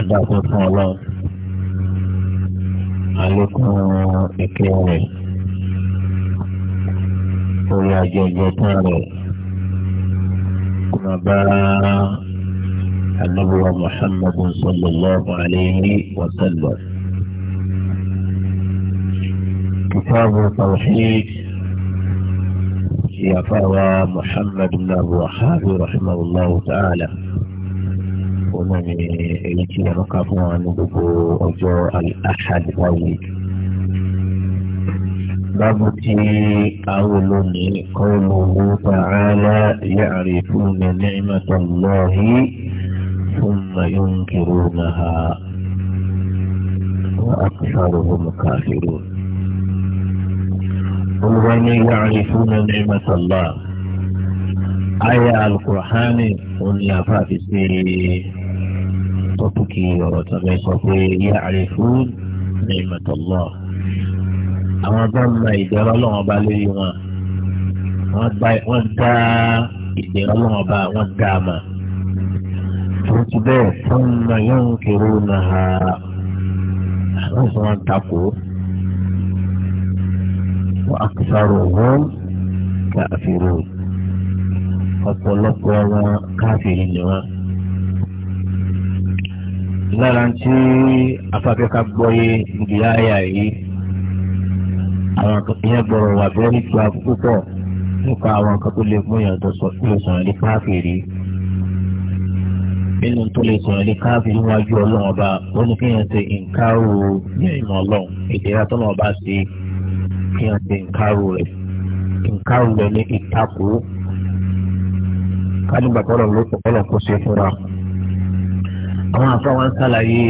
adáko fún ọlọ́run àlékún ìké rẹ̀ orí àjẹjẹ tán rẹ̀ kúmọ̀ bá anábìwá muhammad sallallahu alayhi wa sallam. كتاب التوحيد يا محمد بن أبو حابي رحمه الله تعالى òun ni èyí tí wọn kà fún wa ní gbogbo ọjọ́ al-ahad wáyé. باب في قول قوله تعالى يعرفون نعمة الله ثم ينكرونها وأكثرهم كافرون ومن يعرفون نعمة الله آية القرآن ونيافات في tọ́pùkì ọ̀rọ̀ tọ́lá sọ pé yá àrẹ fún ìmọ̀tọ̀lọ́ àwọn bá ma ìdẹ̀rọ lọ́wọ́ bá lórí wọn wọ́n dá ìdẹ̀rọ lọ́wọ́ bá wọ́n dá a ma tó ti bẹ́ẹ̀ fún ma yóò kéré na ha àwọn sọ wọn takò wọ́n akisaro wọn káfíìrì ọ̀pọ̀lọpọ̀ wọn káfíìrì ni wọn lára tí afáfẹ́ká gbọ́yé níbi àyà yìí àwọn ìyẹn gbọ́rọ̀ wà bẹ́ẹ̀ nípa púpọ̀ nípa àwọn nǹkan tó lè mú ìyàtọ̀ sọ̀rọ̀ ní káfíìrì nínú tó lè sọ̀rọ̀ ní káfíìrì níwájú ọlọ́run ọba ó ní kí yẹn ṣe nǹkárò ìmọ̀ ọlọ́run ìdíra tó náà bá ṣe kí yẹn ṣe nǹkárò rẹ̀ nǹkárò rẹ̀ ní ìtakò kálígbà àwọn afáwọn ṣàlàyé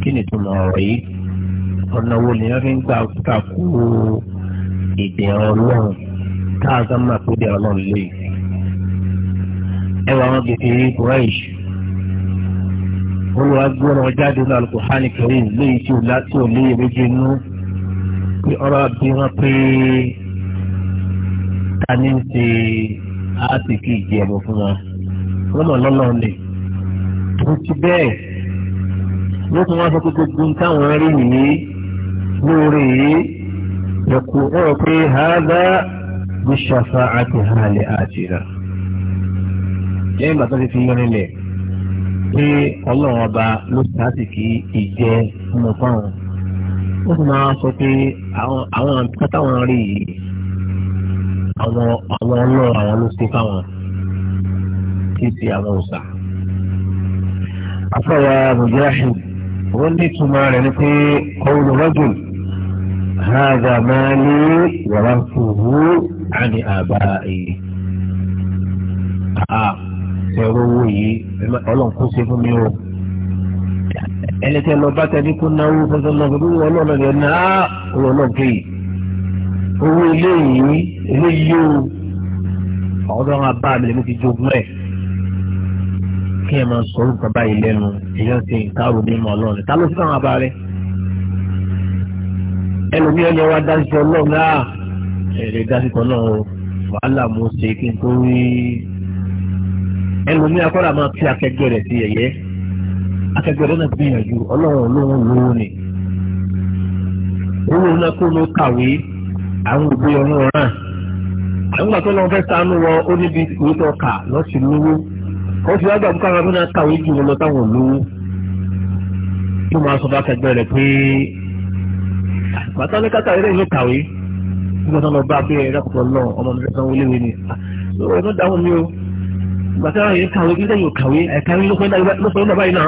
kí ni ìtumọ̀ ọ̀rọ̀ yìí ọ̀nà wo ni wọ́n fi ń gbà kàkú èdè ọlọ́run tá a sọ́mà kó dé ọlọ́run lé ẹ wà wọn gbèsè kúrẹ́ẹ̀sì olùwàgbọ́n ọ̀jáde náà Al-Qur'ani Karim tí ò láti ò léyìí méjì pé ọ̀rọ̀ bí wọ́n pé ta ni ń ṣe áàtì ìjẹ̀bù fún wọn wọ́n mọ̀ lọ́lọ́run lè. tó ti bẹ́ẹ̀ ló tún wá sọ pé gbogbo ń táwọn rí nìyí lóore yìí ẹ̀kú ọ̀rọ̀ pé hàdá bí ṣàfà àti hàlẹ̀ àjìrà. lẹ́yìn ìgbà ti fi yọrin lẹ̀ pé ọlọ́run ọba ló sàásìkì ìjẹ ọmọ fáwọn ó sì máa sọ pé àwọn afọwọ́ mujahid wọ́n ní ìtumọ̀ rẹ̀ ni pé ọ̀hún rọ́jùl hàdà máa ní wàrà fòwú àní àbá èyí. àà ẹ̀rọ owó yìí ọlọ́run kó ṣe fún mi o. ẹni tẹ́ lọ bá tẹni kó náwó fẹsẹ̀ lọ fún mi ọlọ́run rẹ̀ náà ọlọ́run kéyìí. owó ilé yìí ilé yìí o ọ̀dọ́ àwọn abá mi lè mi ti jogún ẹ̀ kí ẹ máa sọ orúkọ báyìí lẹ́nu èèyàn ṣe ìkárò mímọ́ ọlọ́run ta ló sí àwọn abá rẹ ẹlòmí ẹni wa dá sí ọlọ́run ah, náà èrè dá sí ọlọ́run o wàhálà mo ṣe kí n tó rí ẹlòmí akọ́dà máa fi akẹgbẹ́ rẹ̀ sí ẹ̀yẹ́ akẹgbẹ́ rẹ̀ náà gbìyànjú ọlọ́run lóhun lówó ni owó náà kó ló kàwé àwọn òbí ọ̀run ọ̀ràn àwọn àgbàtọ́ fẹ́ sánú wọ ó níbi ìwé tó kà lọ́sìn lówó wọ́n ti wá gbà bùkà àwọn náà kàwé jù wọn lọ táwọn olówó tó máa sọ bá kẹgbẹ́ rẹ̀ pé bàtà ní kàtà ilé ìlú kàwé nígbà tó lọ bá pé ẹ̀rọ kọ̀ọ̀kan lọ ọmọ mi sọ wọlé wẹ̀ni ọ̀rọ̀ tó dáhùn mi o bàtà àwọn yẹn kàwé nígbà yóò kàwé ẹ̀ka ló fẹ́ ní báyìí náà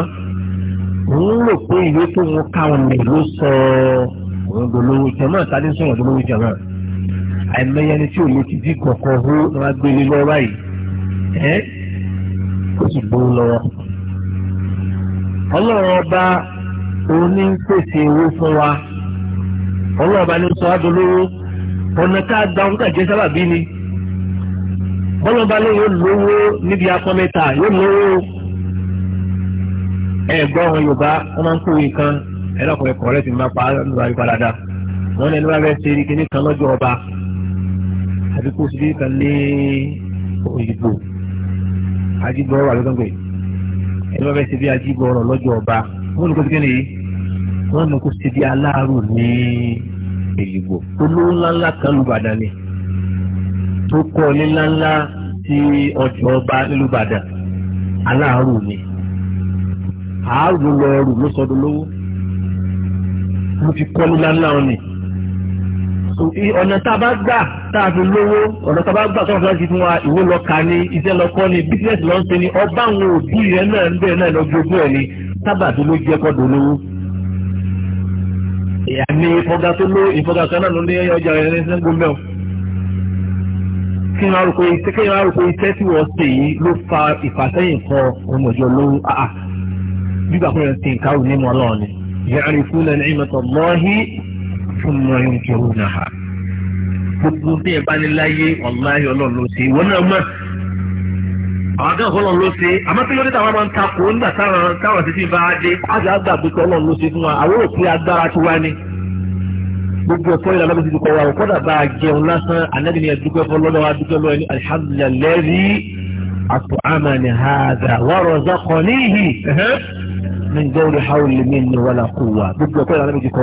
òun rò pé ìwé tó ń káwọn ní ló sọ òun dolówó jẹ̀mọ́ àtàlẹ́ sọ̀rọ̀ dolówó jẹ̀mọ́ àìmọye ẹni tí ò ti dí kọ̀ọ̀kan hó ni wọ́n á lọ́wọ́ báyìí ó sì lówó lọ́wọ́. ọlọ́run ọba òní ń pèsè owó fún wa ọlọ́run ọba ní sọ adolówó ọ̀nà ká gba ohun kàjẹ́ sábàbí ni bọ́lá ọba lè yóò lówó níbi apọ́ mẹ́ta yóò lówó ẹ̀gbọ́n ọ̀hún yorùbá wọ́n máa ń kó yìí kan ẹ̀rọ ọkùnrin kọ̀ọ̀rẹ́ ti máa pa á lọ́wọ́ àyíká dáadáa wọ́n ní ẹni wá fẹ́ ṣe eré kíní kan lọ́jọ́ ọba àbíkú síbí kan ní òyìnbó. Hmm. ajígbọ́rọ̀ wà lọ́dọ̀ pé ẹni bá fẹ́ ṣe bí ajígbọ́rọ̀ lọ́jọ́ ọba wọ́n ní kó ti kéde wọ́n ní kó ṣe bí aláàrù ní èyíbò olówó ńláńlá kan lùbàdàn ni tó kọ́ ní ńláńlá sí ọjọ́ ọba nílùbàdàn aláàrù ni àárò lọ́ọ̀rù ló sọdún lówó mo ti kọ́ ní ńláńlá wọn ni ọ̀nà tá a bá gbà tá a fi lówó ọ̀nà tá a bá gbà tó ń fẹ́ fún wa ìwé lọ kà ní iṣẹ́ lọ kọ́ ni bísíǹsì lọ ń ṣe ni ọba àwọn òbí rẹ náà ń bẹ̀rẹ̀ náà lọ́gbọ́gbọ́ ẹ̀ ni sábàbí ló jẹ́ kọ́ dolówó. ìyá ni ìfọ̀gà tó ló ìfọ̀gà kan náà ló ní ọjà rẹ̀ ní sẹ́ńgó mẹ́ọ̀. kí ni wọ́n rò pé kí ni wọ́n rò pé iṣẹ́ tí wọ́n ṣe yìí ló fa ìfàsẹ́yìn fọ ọmọ ìjọ lówó àà bí gbàgbọ́ yẹn ti ń káwọ́ nínú ọlọ́run ni. yàrá ìfúnlẹ̀ ní ìmọ̀tọ̀ mọ́hí fún mọ ẹyọ kẹrù náà gbogbo bí ẹ bá ní láyé ọláyé Ọlọ́run ló ṣe ìwọ náà mọ àwọn akẹ́kọ̀ọ́ Ọlọ́run ló ṣe àmọ́ kí ló dé táwọn máa ń takò nígbà táwọn táwọn títí bá dé àti àgbàgbé pé Ọlọ́run ló ṣe fún wa àwọn òkè agbára ti wá ní gbogbo ọ̀pọ̀ ìlànà ló ti kọ́ wa òkọ́dà bá jẹun lásán anábìíní ẹ̀dúgbẹ́ fọ́ lọ́dọ̀ wa dúgbẹ́ lọ́ọ́ ẹni alihamudulilayi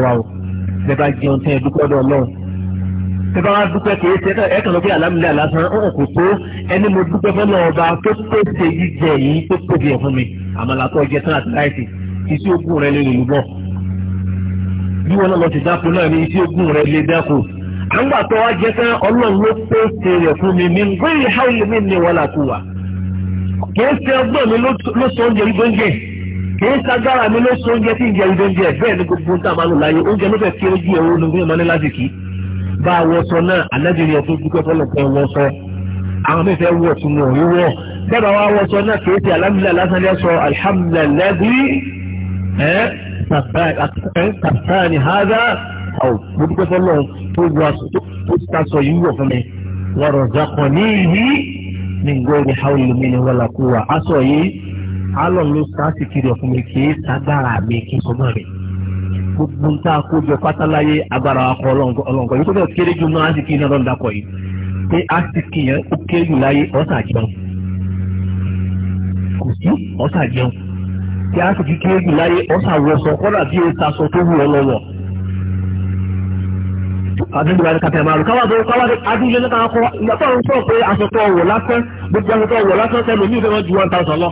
at'amani bẹ́ẹ̀ bá jẹun tẹ́ ẹ dúpẹ́ dọ̀ lọ. bẹ́ẹ̀ bá wá dúpẹ́ kìí ṣe ẹ kàn lọ bí alámìlẹ̀ lásán ọ̀hún kò tó ẹni mo dúpẹ́ fẹ́ lọ ọba tó pèsè jíjẹ yìí tó tóbi ẹ̀ fún mi àmàlà tó jẹ tán àti láìsí iṣẹ́ ogun rẹ lè lè bọ̀. bí wọn lọ ti dáko náà ní iṣẹ́ ogun rẹ lè dáko. à ń gbà tó wá jẹ tán ọlọ́run ló pèsè rẹ̀ fún mi mi gbé ìhà ìlú mi ní wàhálà kù wà. kìí ṣe ọgbọ́n mi ló kì í ṣagbára mi ló so oúnjẹ tí ń jẹ oúnjẹ oúnjẹ bẹ́ẹ̀ ni gbogbo ń tàbá lò láyé oúnjẹ ló fẹ́ fi ojú ẹ̀rọ olùgbé ìmọ̀lẹ́ láti kì bá a wọ sọ náà alábìrin ọ̀tún dúpẹ́ fọlọ́pẹ́ wọ sọ àwọn tún wọ sọ náà ṣe sọ alọ̀ ló sáàsì kiri ọ̀fun mi kì í sagbára mi kì í sọmọ́ mi gbogbo nta kójọ pátáláyé agbára akọ ọlọ́nkọ yìí tó bẹ́ẹ̀ kéré ju náà àsìkí náà lọ́nà dàpọ̀ yìí pé àsìkí yẹn ó kéré jù láyé ọ̀sà jẹun kò sí ọ̀sà jẹun pé àsìkí kéré jù láyé ọ̀sà wọ̀sọ̀ kọ́dà bí o ta sọ tó wù ọ lọ́wọ́ àdúgbò àti kàtà ìmàlù káwàdó káwàdó adúlé náà kọ́ ìgbà ń sọ pé aṣọ wọ̀ lásán gbogbo aṣọ wọ̀ lásán tẹ́lẹ̀ ní ìfẹ́ wọn ju one thousand lọ.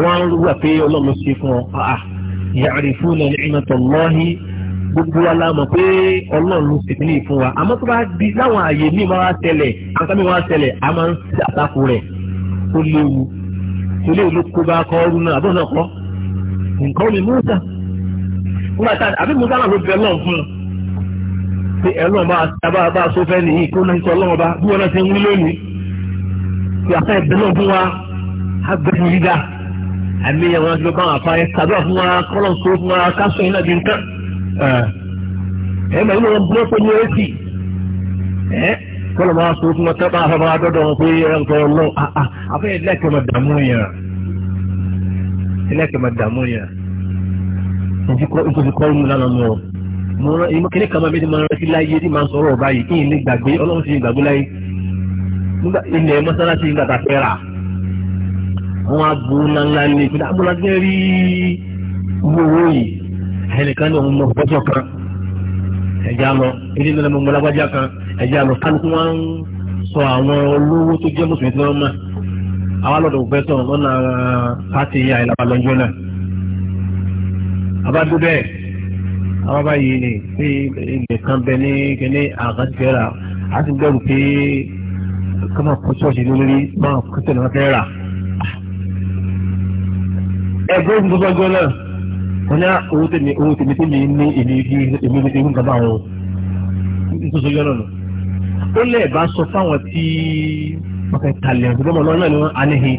wọ́n ń rúgbà pé ọlọ́run ṣe fún ọ ya'rifuna ni'matallahi gbogbo wa la mọ̀ pé ọlọ́run ṣe fún ìfún wa àmọ́ tó bá di láwọn àyè míì máa ṣẹlẹ̀ àǹkámi máa ṣẹlẹ̀ a máa ń ṣe àtakò rẹ̀ tó léwu tó léwu ló kó bá kọ́ ọ́rú náà àbọ̀ náà kọ́ nǹkan omi Musa nígbà tá àbí Musa náà ló bẹ lọ́n fún un pé ẹlọ́n bá bá so fẹ́ nìyí kó náà ń sọ ọlọ́run bá bí wọn náà ti ń wí lónìí pé àtàyè bẹ fún wa á gbẹ́dùn àmì àwọn àti lọ́kàn àfáyẹ tàbí àfún wa kọ́lọ̀ tó fún wa kásán iná di nǹkan ẹ mọ̀ nínú wọn búrọ́pọ̀ ní ẹ̀sì ẹ kọ́lọ̀ máa tó fún wa tẹ́pá àfọwọ́ àdọ́dọ̀ wọn pé ẹ̀ǹkan ọlọ́ àfẹ́yẹ lẹ́kẹ̀ mọ̀ dààmú yẹn lẹ́kẹ̀ mọ̀ dààmú yẹn ìjọba kọ́ ìmú lánàá nù ọ mo rán ìmọ̀ kíní kan máa bí máa rántí láyé tí máa sọ̀rọ̀ báyìí kí n gbàgbé ọlọ́run ti gbàgbé láyé ilẹ̀ mọ́sálásí ń gbàgbà fẹ́ rà àwọn abo ńláńlá ní ìpínlẹ̀ abúlé rí owó yìí ẹnìkan ní òun lọ bọ́sọ̀ kan ẹ̀já lọ ilé ìlú ọmọ ọlágbájá kan ẹ̀já lọ kálukú wọn ń sọ àwọn olówó tó jẹ́ mùsùlùmí tí wọ́n mọ̀ àwọn alọ́dọ̀ òfẹ́ sọ lọ́nà pàtì àìlàbà lọ́jọ́ náà abádó bẹ́ẹ̀ àwọn báyìí ni pé ilẹ̀ kan bẹ ní kíní àkàtúntẹ̀ra àti gbẹ́rù pé kọ́mọ̀ kọ́ lórí máa kọ́ṣẹ́ náà fẹ́ rà ẹgbẹ́ ogun gbogbo ẹgbẹ́ náà wọ́n ní ah, owó tèmi owó tèmi tèmi ní èmi ní èmi ní ewu nǹkan bá wọn nítorí sọ́jọ́ náà nù. ó lẹ̀ bá sọ fáwọn tí wọ́n fẹ́ talẹ̀ ọ̀gbọ́n ọ̀nà náà ni wọ́n aníhi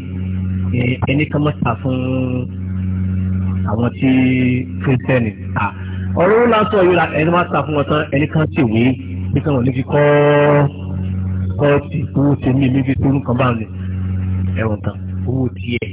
ẹni kan mọ́ta fún àwọn tí kírísítẹ́nì ta ọ̀rọ̀ ó lásán yóò la ẹni máa ta fún wọn tán ẹni kan sì wé bí kan wọn ní fi kọ́ kọ́ ti owó tèmi mi fi tó nǹkan bá wọn ẹ̀wọ̀n kan owó tiẹ̀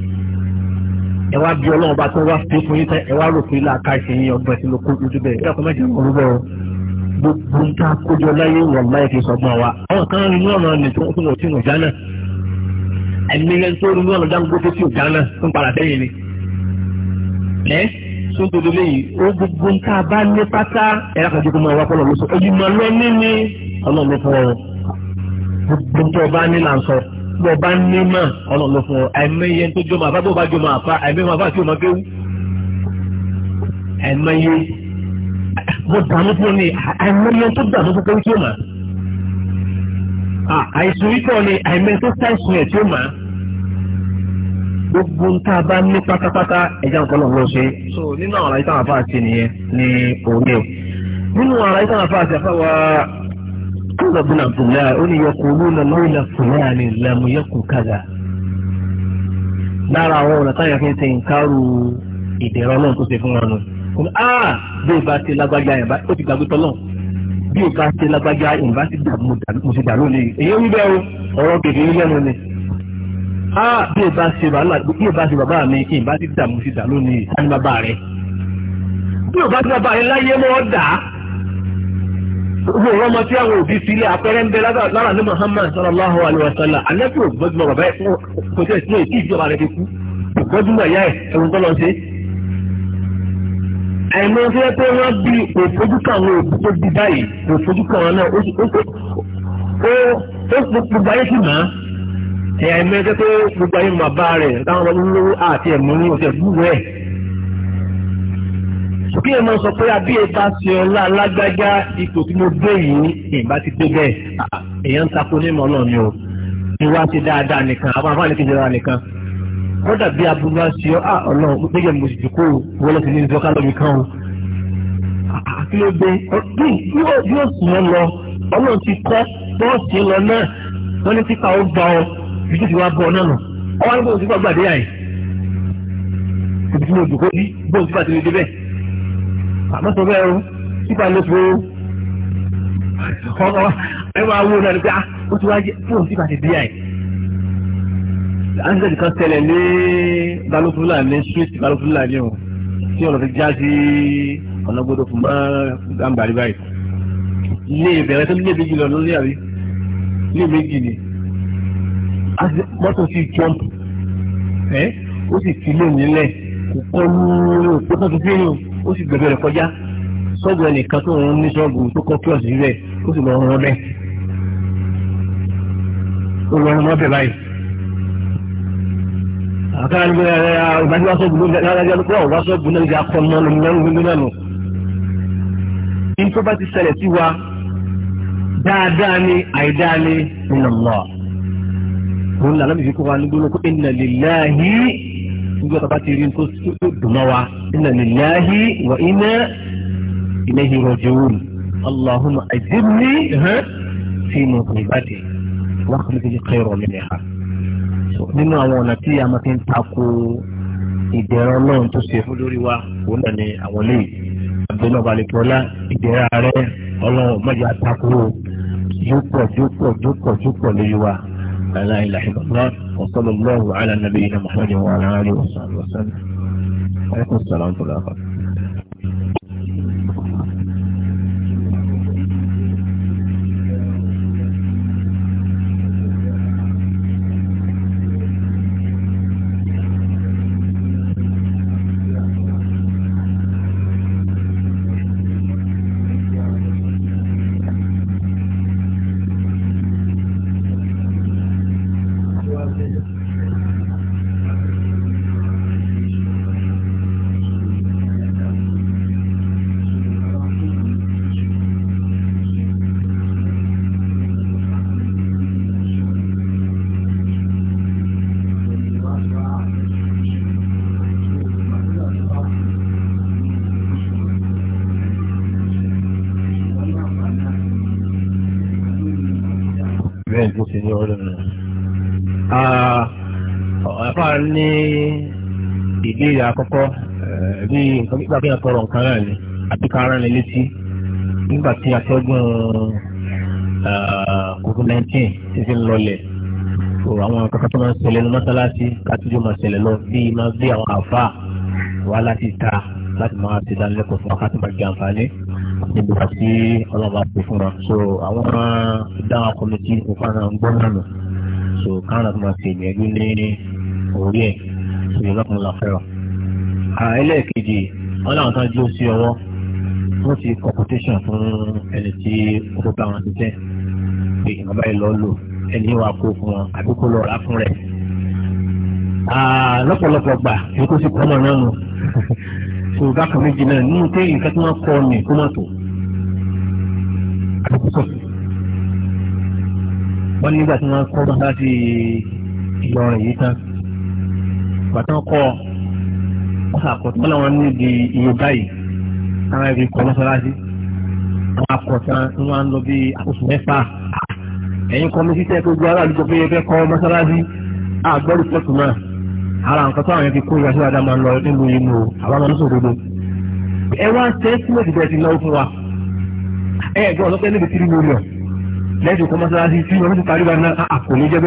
ẹ wá bí ọlọ́run bá tó wá fi fún yín tẹ ẹ wá rò pé ilé àkáṣe yín ọgbọ́n ti ló kó ojú bẹ́ẹ̀ ẹ dàpọ̀ mẹ́jọ kan rúbọ gbogbo nta kójọ láyé wọ̀ láyé fi sọgbọ́n wa àwọn kan rí ní ọ̀nà ní tí wọ́n tún wọ̀ tí wọ́n já náà ẹ̀mí yẹn tó rí ní ọ̀nà Dangote tí wọ́n já náà tó ń padà sẹ́yìn ni. ẹ tó ń dodo léyìí ó gbogbo nta bá lé pátá ẹ lákàtúntò kó máa wá fọlọ́ lọ́sọ̀ ọ̀yùnmọ̀ bọ̀ bá ní mọ̀ ọlọ́run ló fún ọ àìmọye tó jọmọ àbá bó bá jọmọ àfa àìmọye wọn àbá tí o máa kéwú àìmọye mo dààmú fún ni àìmọye tó dààmú fún kéwú tí o máa àìsùn ikọ̀ ni àìmọye tó sáìsùn ẹ̀ tí o máa gbogbo tá a bá ní pátápátá ẹ̀já nǹkan náà lọ ṣe so nínú àwọn àlàyé táwọn afáàṣe nìyẹn ní òun yẹn nínú àwọn àlàyé táwọn afáàṣe afáwa kọ́lá bùnà bùnà ó ní yọkùn olóòlà lọ́wọ́lá fúnlá ni lẹ́mu yọkùn kàdà lára àwọn ọ̀nà táyà fi ń ṣe nǹkarù ìdẹ̀rọ̀ náà tó ṣe fún wọn nù. ah bí ìbá ṣe lágbájá yẹn ó ti gbàgbé tọ́lọ̀ bí ìbá ṣe lágbájá yẹn bá ti dààmú mo ti dààmú lè èyí ń bẹ́ẹ̀ o ọ̀rọ̀ gègé ń lẹ́nu ni. ah bí ìbá ṣe wàhálà bí ìbá ṣe bàbá mi ìbá ti dààmú ti dààmú lè ní bàbá rẹ̀. bí ìbá ṣe bàbá rẹ̀ láyé mọ́ dà á gbogbo ìwọ́n ọmọ tí àwọn òbí sílé àpẹẹrẹ ń bẹ lára ní Muhammad sallallahu alayhi wa sallam alẹ́kù gbọ́dúnmọ̀ bàbá ẹ̀ kò tẹ̀ sínú ètí ìjọba rẹ̀ kíkú gbọ́dúnmọ̀ ìyá ẹ̀ ẹ̀rùn tó lọ sí. àìmọ̀ tó yẹ pé wọ́n bí òfojúkà àwọn òbí tó bí báyìí òfojúkà wọn náà ó gbogbo ayé sì máa ẹ̀yà ìmọ̀ ẹ̀jẹ̀ pé gbogbo ayé mọ̀ bá rẹ̀ táwọn ọmọ kí ẹ máa sọ pé àbí ẹ̀ka ṣe ọlá alágbájá ipò tí mo dé yìí ìgbà ti dé bẹ́ẹ̀ ah, èèyàn ń takò nímọ̀ náà ni o ìwà ti dáadáa nìkan àwọn afáàní ti jẹrà nìkan wọ́n dàbí aburú aṣọ à ọ̀nà gbẹ́gẹ̀ mo sì dùkú wọlé sí ní ìjọba lómi kan o ah, ah, kí ló dé yóò sùn wọn lọ ọlọ́run ti kọ́ bọ́ọ̀sì lọ náà wọ́n ní pípa ó gbà ọ ìdí ti wá bọ̀ náà nù ọwọ́ nígbà òsínbà gbàdé àyè òsínbà òdùkọ́ bí bọ́ọ̀sì bàtí lè dé bẹ́ẹ̀ àmọ́sọ bẹ́ẹ̀ o síta ló fo ọmọ ẹ máa wo náà ní pé ah ó ti wá jẹ fóònù síta ti díà yìí ansẹ́tì kan tẹ̀lẹ̀ ní balùfúlà ní street balùfúlà ní o tí ọ̀nà ti já sí ọ̀nà gbọdọ̀ fún gbàǹbàrí báyìí ilé ìbẹ̀rẹ̀ tó nílé méjì lọ lórí àrí ilé méjì ni mọ́tò sì jump ẹ́ ó sì fi lóun nílẹ̀ kò kọ́ lóòrò tó tó fi fi rìn o ó sì gbẹ̀gbẹ̀ rẹ̀ kọjá ṣọ́ọ̀bù ẹnìkan tó ń ní ṣọ́ọ̀bù tó kọ́ kíọ̀sì rẹ̀ ó sì lọ rán bẹ́ẹ̀ ó lọ rán bẹ́ẹ̀ báyìí. àkàrà ní bẹ́ẹ̀ rẹ̀ ìbájú wá ṣọ́ọ̀bù lọ́dájọ́ ló kọ́ wá ṣọ́ọ̀bù náà ìjà kọ́ mọ́ lọ́nà ní tó bá ti ṣẹlẹ̀ sí wa dáadáa ni àìdáa ni ìnàmọ́ òun làlámì fi kó wa ní gbólókó ìnàlélàhìí nígbà tó bá ti rí tó dùn mọ́ wa inna lillahi wa inna ilayhi raji'un allahumma ajibni fi musibati wa akhlif li khayran minha nínú àwọn ọ̀nà tí a máa fi ń takò ìdẹ̀rọ náà tó ṣe fún lórí wa òun náà ni àwọn lè abdul abalikola ìdẹ̀rọ rẹ ọlọ́run mọ̀jà takò yóò pọ̀ yóò pọ̀ lórí wa. لا إله إلا الله وصلى الله على نبينا محمد وعلى آله وصحبه وسلم عليكم السلام ورحمة الله nígbà tí a tọrọ nǹkan náà ni àti kára ní létí nígbà tí atẹ́gùn covid-19 ti fi ń lọlẹ̀ so àwọn kankan tó máa ń ṣẹlẹ̀ ní mọ́sálásí kátójú máa ṣẹlẹ̀ lọ bí máa gbé àwọn àfa wá láti ta láti máa ṣe dánilẹ́kọ̀ọ́ fún akátó máa jẹ àǹfààní níbi wá sí ọlọ́ba pè fún wa so àwọn dáhà kọ́mítì nǹkan náà ń gbọ́ nànà so káwọn náà tó máa ṣe ìgbẹ́jú ní orí ẹ̀ so ìlọ́kùnrin làfẹ́ wa wọn làwọn kan dúró sí ọwọ́ wọ́n ti computation fún ẹni tí ó bá wọn ti tẹ́ pé ìmọ̀ báyìí lọ́ọ́ lò ẹni wà kó fún wọn àbí kó lọ́ọ́ rà fún rẹ̀. lọ́pọ̀lọpọ̀ gbà ní kó sì kọ́ ọmọ náà nù tó bá kan méjì náà nínú pé nǹkan tí wọ́n kọ́ ni kó má tó àbí kó sọ̀tù. wọ́n nígbà tí wọ́n kọ́ bá láti Ìlọrin yìí tán bàtà kọ́ ọ àkọ́tán làwọn níbi iye báyìí àwọn ẹbí kọ́ mọ́sálásí àwọn àkọ́tán ń wá ń lọ bí oṣù mẹ́fà ẹ̀yin kọ́ mi títẹ́ tó gbọ́ aráàlú tó péye fẹ́ kọ́ mọ́sálásí àgbọ̀rù pọ̀tù náà ara nǹkan tó àwọn ẹbí kó ìyá síwájú máa ń lọ nínú inú àwọn ọmọ nísòro gbogbo ẹ wá tẹ́ símẹ́tì bẹ́ẹ̀ ti náwó fún wa ẹ ẹ̀gbọ́n ọ̀sọ́pẹ́ níbi tírí mílíọ̀n lẹ́sìn kọ́ mọ́sálásí tí wọ́n ti parí wa náà àkòlé jẹ́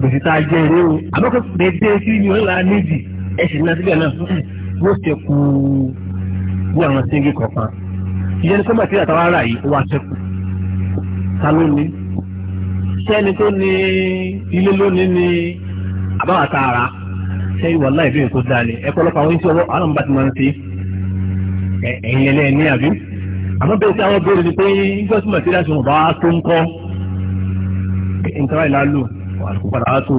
gbèsè tá a jẹ ìwé o àbẹ́kọ̀ dédé sí ni wọ́n là á nídìí ẹ sì ná síbẹ̀ náà yóò ṣẹ́kù bí àwọn sẹ́ńgì kọ̀ọ̀kan ìyẹn ní kọ́mọ̀tì àtàwọn ará yìí wà ṣẹ́kù ta ló ní sẹ́ni tó ní ilé lónìí ní àbáwá tá a rà ṣé ìwà láì bẹ́ẹ̀ tó dáa ni ẹ pọ́lọ́pọ̀ àwọn iṣẹ́ ọwọ́ àwọn àmì bá ti máa ń ṣe ẹ̀yìn ẹlẹ́ẹ̀ ní àbí àmọ́ bẹ́ẹ̀ tí àwọn béèrè ni pé ìjọ́sìn màtíríà ṣe wọ́n bá tó ń kọ́ nǹkan báyìí lálò àlùkò padà wá tó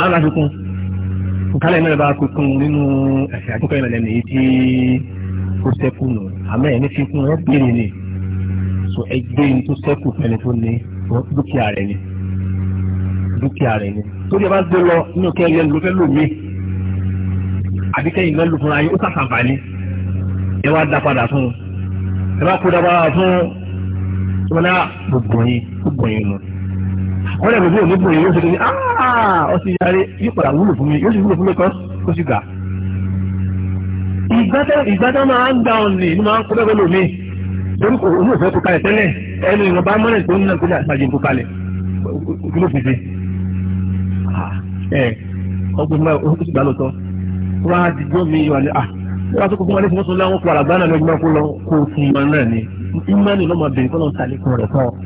àwọn àfikún nkálẹ̀ mẹ́rin bá pípín nínú ẹ̀sẹ̀ àkókò ìrìnlẹ̀ nìyí tí ó sẹ́kù nù àmọ́ ẹ̀ ní fífún wọn bèrè ni so ẹgbẹ́ yìí tó sẹ́kù fẹ́ni tó ní dúkìá rẹ̀ ni dúkìá rẹ̀ ni tó yẹ bá gbé lọ inú kẹrin ẹni ló fẹ́ lò mí àbí kẹyìn náà lò fúnra yín ó sàkàǹfààní ẹ wá dá padà fún un ẹ bá kó dá padà fún un wọn náà gbogbo yín gbogbo yín nù wọ́n lè gbogbo òní bòye yóò ṣe kéde áá ọtí yarí yóò padà wúlò fún mi yóò sì wúlò fún mi kan kó sì gà. ìgbádá máa ń dáhùn ní inú máa ń kó bẹ́ẹ̀ lómi torí kò ní òfin kókalẹ̀ tẹ́lẹ̀ ẹnu ìwọ̀nba mọ́lẹ̀ tó ń nà kó ní àtàjì kókalẹ̀ kí ló fi ṣe. ẹ ọgbọ́n mi ò sì gbà lóòótọ́ wọ́n á dìjọ́ mi yọ àlẹ́ ah wọ́n á tó kó fún wa ní fún wọn tó láwọn kó àlàgbá náà lọ́jọ́ máa kó lọ kó fún wọn náà ni ìmọ̀ ni lọ́mọ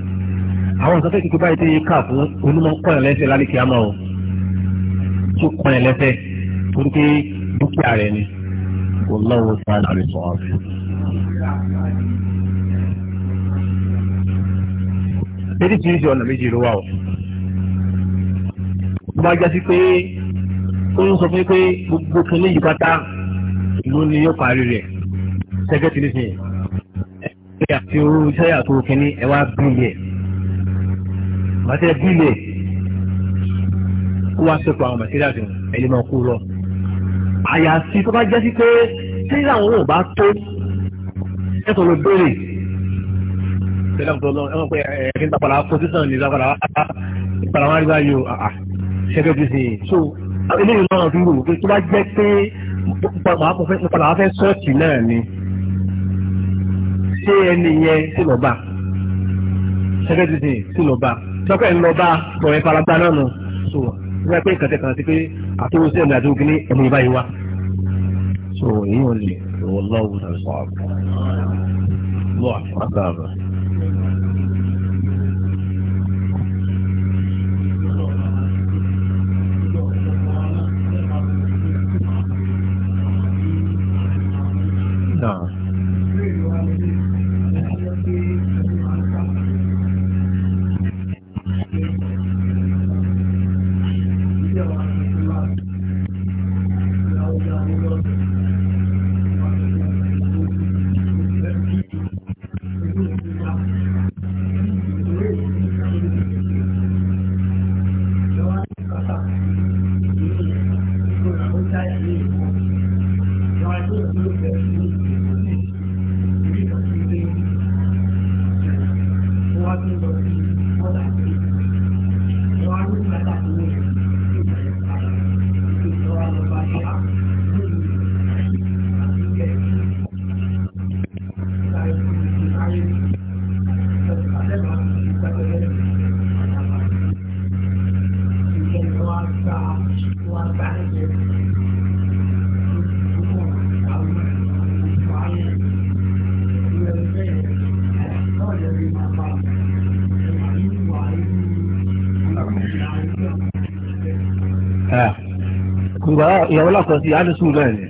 àwọn nǹkan tó kíkú báyìí tó yẹ káà fún onímọ̀ kọ́yàn lẹ́sẹ̀ lálẹ́ kìámà o tó kọ́yàn lẹ́sẹ̀ torí pé dúkìá rẹ̀ ni wọ́lọ́wọ́ sáà náà rẹ̀ sọ̀rọ̀ fún. Èdè tí ń ṣe ọ̀nà méjì ló wà o. Mo bá jásí pé ó ń sọ fún mi pé gbogbo kìíní yìí pátá ló ní yóò parí rẹ̀. Sẹ́kẹ́tì nísìnyí. Ẹ ẹ àti orú iṣẹ́ àti orú kìíní wá bí yẹ màtẹ́ bílẹ̀ kó wá sọ̀kọ̀ àwọn màtíríà tó ẹni máa kú lọ. àyàfi tó bá jẹ́ sí pé tíra àwọn ò bá tó ẹ̀sọ̀ ló béèrè. ṣẹlẹ̀ tó lọ ẹ̀wọ̀n pé ẹ̀ẹ́dì ń tàpàlà pòsíṣàn ní ìdápadà ìpàdà wọn àríwá yìí o ṣẹ́gbẹ́ fi sìn so eléyìí náà fi rò pé tó bá jẹ́ pé ìpàdà wọn fẹ́ sọ́ọ̀tì náà ni ṣé ẹni yẹn sí lọ́ba ṣẹ́gbẹ́ fi sìn sí lọ́ba sọ́kẹ́ ń lọ bá tọ̀rẹ́ faragba náà nù so wọ́n pẹ́ kẹ̀tẹ́ kan sí pé àtúrò sí ẹ̀mí àdúgbò ní ẹ̀mí báyìí wá so èyí ò lè wọ́n lọ́wọ́ sọ̀rọ̀ lọ́wọ́ àgbà ìyàwó lákọ̀ọ́ sí alẹ́sùn náà ni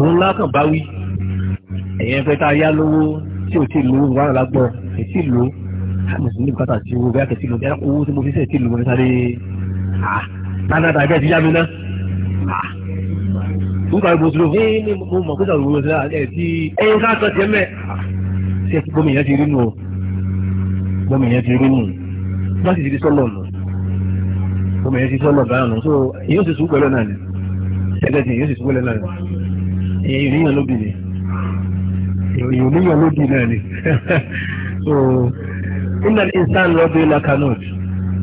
òun lákàn bá wí ẹ̀yẹn fẹ́ tá a yá lówó tí ò tí lò ó wàhálà gbọ́ ẹ̀ tí lò ó mùsùlùmí bùkátà tí owó bẹ́ẹ̀ kẹ̀sí lò ó owó tí mo fi sẹ́ẹ̀ tí lò ó sáré náà tàbí ẹ̀ ti yá mi ná. nígbà tí mo ti lò ó ní mo mọ̀ kódà òwúrọ̀ sí ẹ̀ tí ẹ̀yin ká sọ tiẹ̀ mẹ́ sí ẹ̀ tí bọ́mì yẹn ti rí nù bọ́mì yẹn ti rí nù bá sì ti di sọ́lọ̀ nù yẹn ti sọ́lọ̀ báyà ẹlẹ́sìn yóò sì túbọ̀ lẹ́nà rẹ̀ ìrìyàn lóbì ni ìrìyàn lóbì náà ni so inna insan rọ́bì lakanot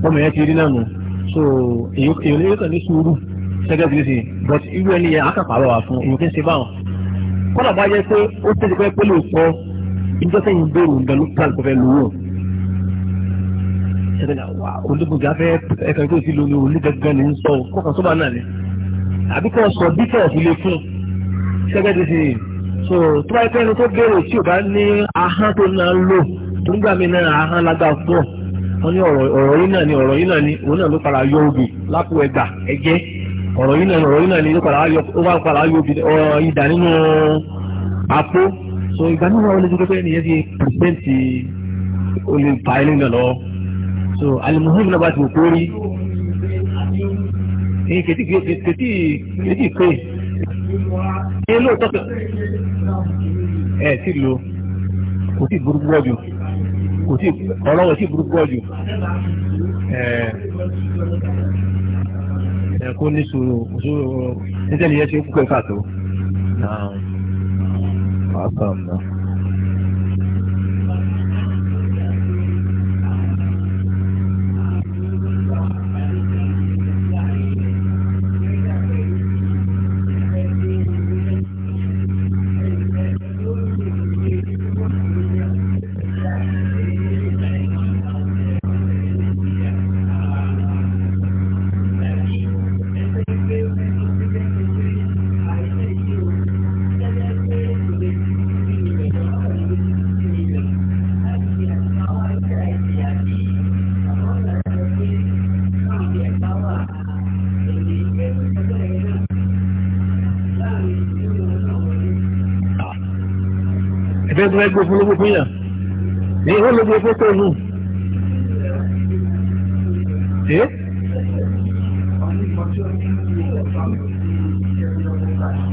ọmọ yẹn ti rí náà nù so èyàn lè kàn ní sùúrù gẹ́gẹ́ bí ṣe but irú ẹni yẹn akàpàrọ̀ wà fún èyàn kí ń ṣe báwọn kọ́nà bá yẹ pé ó tẹ̀sí pé pé lè sọ ìjọsẹ̀ yìí bẹ̀rù ìgbà ló kà lọ́fẹ́ lówó olùgbògà fẹ́ ẹ̀ka tó ti lóni olùgbẹ́gbẹ́ ni ń sọ kọ́kàn sọ́ba náà ni. àbíkọ́ sọ bíkọ́ lè fún gẹ́gẹ́ bí so tó bá yẹ pé ẹni tó béèrè tí ò bá ní ahọ́n tó náà ń lò tó ń gbà mí náà ahọ́n lágbàá pọ̀ wọ́n ní ọ̀rọ̀ yìí náà ni ọ̀rọ̀ yìí náà ni òun náà ló padà yọ lápò ẹgbà ni ọ̀rọ̀ yìí náà ni padà yọ ìdá so ìgbà nínú nìyẹn ti pèsèntì olè náà so náà bá ní kẹtí kẹtí kẹtí pé ní lóòótọ́ pé ẹ ti lo kò tí burú púpọ̀ jù kò tí ọlọ́wọ́ tí burú púpọ̀ jù ẹ kó ní sòrò òṣòro nítorí yẹn ti kú pẹ́ pàtó. Awesome. ló fún lówó fún yàn ní ìwé lówó fún tóògùn.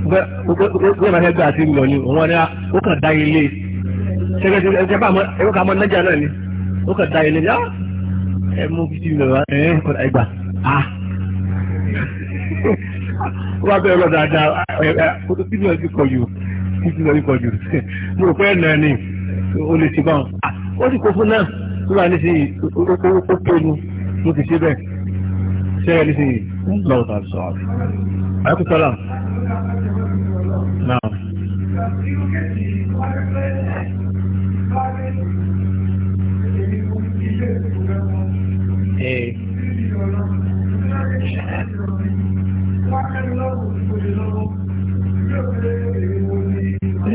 gbọ́dọ̀ máa fẹ́ gbà àti lọ ni òun ọ̀rẹ́ ó kàn dá ilé ṣẹ́gbẹ́ ṣe bá ẹ̀rọ kà mọ́ nájà náà ni ó kàn dá ilé ẹ̀ mú kí ti lọ́wọ́ ẹ̀ kọ́dà ẹgbà á wọ́n bẹ̀rẹ̀ lọ dáadáa ẹ̀ kótó tí mi ò ti kọ̀ yìí ti lọ ikọ̀ jù mo rò pé ni o lè ti báwọn. Ah, ó sì kó fún náà tó bá nísìnyí ó tó nu mo ti ṣe bẹ́ẹ̀ ṣe é nísìnyí lọ́wọ́ tàbí sọ̀rọ̀ àyẹ̀kùsọ́lá náà. Hey. Eh.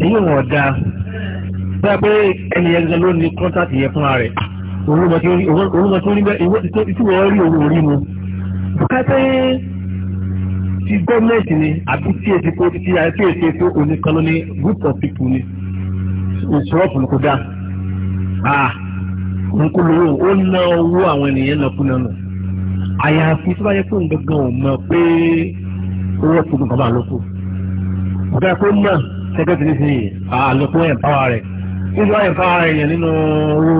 èyí wọn da bí a pé ẹni yẹn gan ló ní kọ́ńtàtì yẹn fúnra rẹ̀ òun mọ̀ tí ó rí bẹ́ẹ̀ ìwé tí wọ́n rí òun rí mu. bùkátẹ́ ti gọ́ọ̀mẹ̀ntì ni àbí tí èsì kó ti àyè tí èsì tó oníkan ló ní group of people ni òṣùrọ̀pù ni kò dáa. Ah, nǹkó lówó ó ná owó àwọn ènìyàn náà fún náà àyàfi tó bá yẹ kó nǹkan gan ò mọ̀ pé owó ọ̀pọ̀ nǹkan bá lóko. bùkátẹ́ kó náà sẹ́kẹ́tì nísìnyí àlòkún ẹ̀mpáwá rẹ̀ nígbà ẹ̀mpáwá rẹ̀ yẹn nínú owó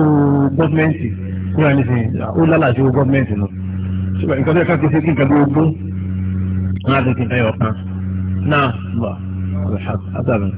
gọ́ọ̀mẹ́ntì kúrò nísìnyí ó lálàjú owó gọ́ọ̀mẹ́ntì nù ṣùgbọ́n nǹkan tó yẹ ká fi ṣe kí nǹkan bí ogún láti fi ẹyọ kan náà bọ̀ àbẹ̀ṣà àtàbẹ̀.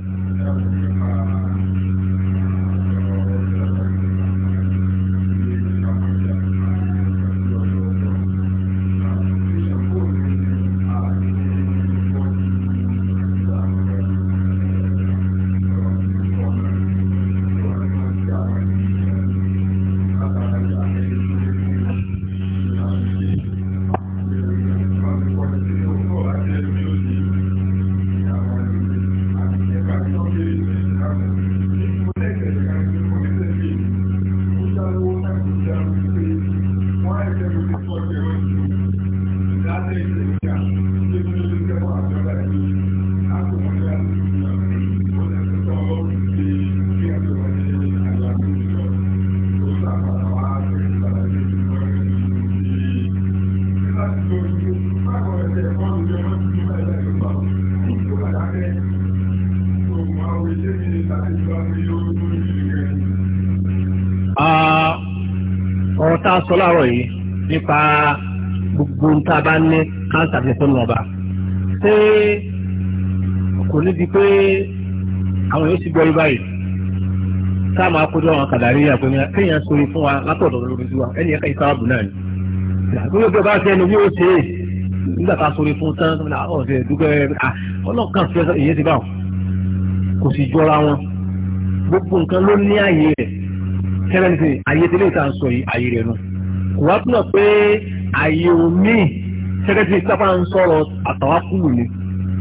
Ah, ọ̀rọ̀ tá a sọ láàárọ̀ yìí nípa gbogbo nta bá ní káńsà ní fún ọba ṣé kò ní di pé àwọn yóò ti gbọ́ yí báyìí táàmù akójọ àwọn kàdàrí àgbẹ̀mí kéèyàn sori fún wa látọ̀dọ̀ lórí wa ẹni ẹ̀ka ìsáàbù náà ni àgbẹ̀wò bí ọba ṣe ẹni bí ó ṣe é nígbà tá a sori fún tán ah, ọ̀sẹ̀ dúpẹ́ ah, ọlọ́kàn fẹ́ èyí ti bá wọn kò sì jọra wọn gbogbo nǹkan ló ní àyè rẹ̀ kẹ́rẹ́ǹtì àyè tí lè ta sọ yìí àyè rẹ̀ náà wà á túnà pé àyè omi sẹ́kẹ́tì sábà ń sọ̀rọ̀ àtàwọn kúlù ni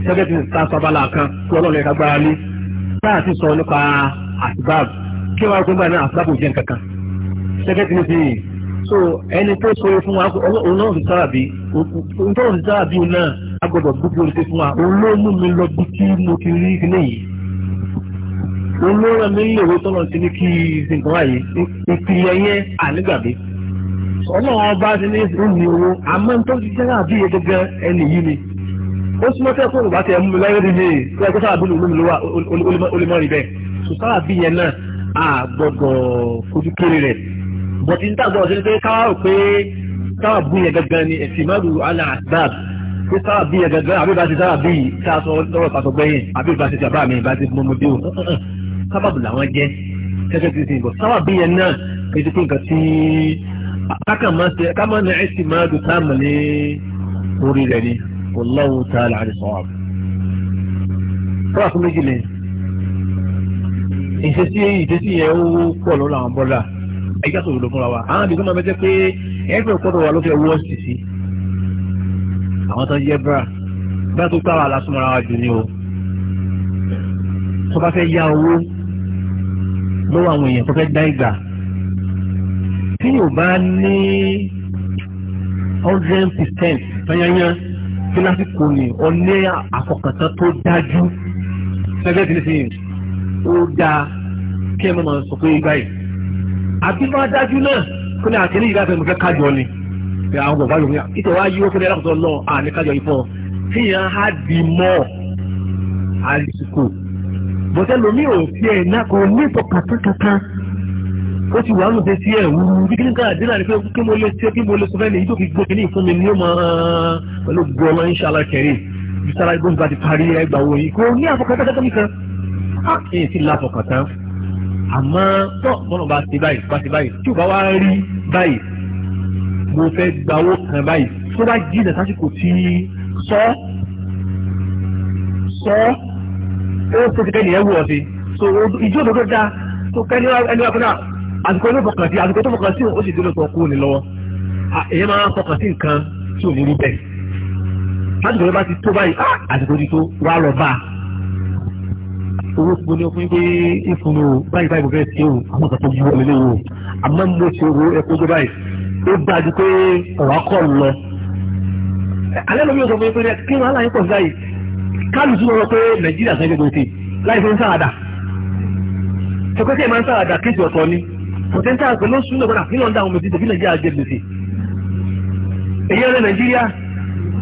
sẹ́kẹ́tì ta sábàlà kan kí ọlọ́run ẹ̀ka gbára lé táà ti sọ nípa àtibáàbù kí wọ́n á gbé báyìí náà àtibáàbù jẹ́ nǹkan kan sẹ́kẹ́tì ní sìn yìí so ẹni tó sọ fún wa òun náà ti sára bí òun tó ti sára bí òun náà a gbọ́dọ̀ gbogbo olùkọ́ fún wa òun ló mú mi lọ bí tí mo ti rí ilé yìí òun ló rán mi léwé tọ́nà ti ní kí nǹkan wáyé ìpìlẹ̀ yẹn ànígbàgbé ọlọ́run ọba ti ní ìsìn ní owó àmọ́ tó ti jẹ́ náà bí iye gẹ́gẹ́ ẹni yìí ni ó súnmọ́ tẹ́ fóònù bá tẹ mú mi lọ́yẹ́ nílé tó yẹ kó sábà bínú mi lówà olùmọ̀ rí bẹ́ẹ̀ tó sábà bí yẹn náà a gbọ́dọ̀ fojú kéré rẹ̀ bọ̀tí ń tàgbọ́ ọ̀sẹ̀ pé káwá rò pé sábà bí yẹn gẹ́gẹ́ ni ẹ̀sìn mọ́rù alẹ́ àdáàb pé sábà bí yẹn gẹ́gẹ́ àbí ìbáṣe sábà bí sáàsọ lọ́rọ̀ pàtó gbẹ́yìn àbí ìbáṣe sábà mi ìbáṣe mọ́mọdé o sábàbù làwọn jẹ́ kẹ́kẹ́ ti sìn bọ̀ sábà bí yẹn náà kẹ́kẹ́ tí nǹkan tí kákan máa ṣe ká máa ní ẹ̀sìn máa dùn táàmù ní orí rẹ̀ ni wallahu ta'ala àdìsọ́wà. fúlàfún méjì ni ìṣesí ìṣesí yẹn ó pọ̀ lọ́la àwọn bọ́lá àyíká sọ̀rọ̀ ló fúnra wa àwọn àbíkú máa bẹ́tẹ́ pé ẹgbẹ́ ìkọ́dọ̀ wa ló fẹ́ wọ́ sí àwọn tó ń jẹ́ bra bá tó pàwọ́ alásùnmọ́ra wa jù ní o tó bá fẹ́ yá owó lọ́wọ́ àwọn èèyàn tó fẹ́ dá ìgbà tí o bá ní hundred percent tanyanya tí lásìkò ni ọ ní àfọkàntán tó dájú gẹ́gẹ́ bí nísìnyí ó dáa kí ẹ máa sọ pé báyìí àbí máa dájú náà kó ní àtẹlẹ yìí láti ẹnu fẹ́ kájọ ni àwọn bàbá yòókù ìtọ̀ wá yíwọ́ fún ẹ lákòótọ́ lọ àní kájọ yìí fún ọ kí yẹn á di mọ́ àìsíkò bọ́tẹ́ lomi ò tiẹ̀ náà kò ní ìfọkàntán kankan ó ti wà á nùtẹ́ sí ẹ̀wù bí kí ní ká àdínà ni pé kí mo lè ṣe kí mo lè sọ fẹ́ni yìí tó fi gbé kí ní ìfún mi ní ó máa pẹ̀lú gbọ́ ọmọ ìṣàlá kẹrin ìṣàlá igbó nípa ti parí ẹgbà wo yìí kò ní àfọkàtà kẹta mi kan á kì í sí láfọkàtà àmọ́ tó mọ́nà bá ti báyìí bá ti báyìí tí ò bá wá rí báyìí mo fẹ́ gba owó kan báyìí tó bá jìnà sásìkò tí sọ sọ ó ṣe ti kẹ́ ìjọ́dọ̀ tó dáa tó kẹ́ ẹni wá fún náà àsìkò ló fọkàn sí àsìkò tó fọkàn sí ó sì dúró kan kúrò ní lọ́wọ́ èyí máa fọkàn sí nǹkan tí ò ní rí bẹ́ẹ̀ àsìkò ló bá ti tó báyìí àsìkò ti tó wá lọ bá owó tí mo ní fún pé ìfún o báyìí báyìí mo fẹ́ o àwọn kan tó yí wọlé léwu àmọ́ mo ṣe owó ẹ̀kọ́ jọ báyìí ó dájú pé ọ̀rọ̀ akọ̀ lọ alẹ́ lómi ọ̀sán fún pé kí wọ́n aláyẹ̀ pọ̀ sí báyìí káàlù tún lọ pé nàìjíríà sẹ́yìn gbogbo ti láì fún kò tẹ́ ń tà pẹ̀lú oṣù lọ́gbọ́dà kí lọ́ndà àwọn mèjì tẹ̀bí nàìjíríà jẹ gbèsè èyí ọ̀rẹ́ nàìjíríà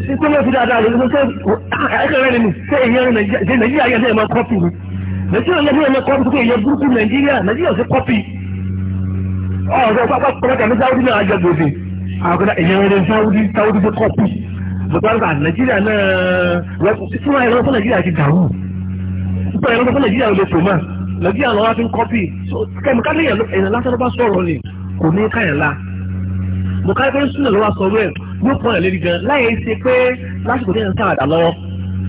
ṣé tó lọ́ fi dáadáa lè ṣe ẹ̀kẹ́rẹ́ nínú ṣé èyí ọ̀rẹ́ nàìjíríà yẹ ẹ̀mọ kọ́pì ni nàìjíríà yẹ ẹ̀mọ kọ́pì tó yẹ burúkú nàìjíríà nàìjíríà ṣe kọ́pì ọ̀rẹ́ pápá pẹ̀lú kàmí sáwùdí náà jẹ gbèsè àwọn èyí ọ̀rẹ́ sáwùdí sáwùdí ṣe kọ́pì bàbá nàìjíríà náà fúnra ẹ̀rọ fún nàìjíríà ti dàrú fúnra ẹ̀rọ fún nàìjíríà ò lè tò máa lọ́jí àwọn wá fi ń kọ́pì kẹ́míkálì èèyàn lásán ló bá sọ̀rọ̀ ni kò ní káyàn la mo ká pé súnà ló wá sọ wẹ́ẹ̀ yóò pọ̀ yàn lérí gan láyé ṣe pé lásìkò tí yẹn ń sáàdà lọ́wọ́